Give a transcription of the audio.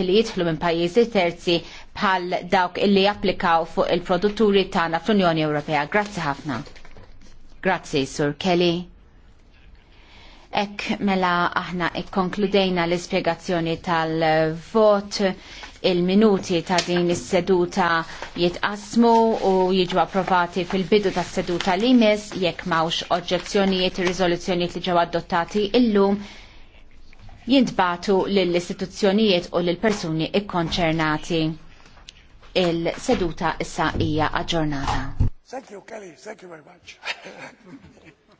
li jidħlu minn pajjiżi terzi bħal dawk illi japplikaw fuq il-produtturi tagħna fl-Unjoni Ewropea. Grazzi ħafna. Grazzi, Sur Kelly. Ek mela aħna ikkonkludejna l-ispjegazzjoni tal-vot il-minuti ta' din is-seduta jitqasmu u jiġu approvati fil-bidu tas seduta l imis jekk mawx oġġezzjonijiet ir-riżoluzzjonijiet li ġew adottati illum jintbatu l istituzzjonijiet u l persuni ikkonċernati. Il-seduta issa hija aġġornata. Thank you, Kelly. Thank you very much.